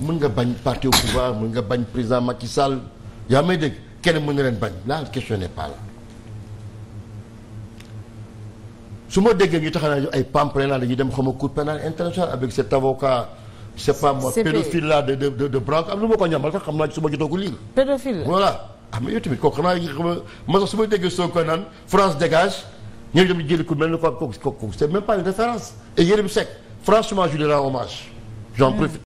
mën nga bañ parti au pouvoir mën nga bañ président Macky Sall yaa may dégg kenn mën na leen bañ la question n'est pas su ma déggee ñu tax naa ay pampre naa dañuy dem xama cour pénale internationale avec cet avocat c'est pas moi pédophile là de de de Branco am lu ma ko ñamal sax xam naa ci su ma jotoo ko lire pédophile voilà ah mais yow tamit kooku xanaa xam ma sax su ma déggee soo ko naan France dégage ñëw dem jëli ku mel ni ko kooku ko même pas une référence et Yérim Seck franchement je lui rends hommage j'en hmm. profite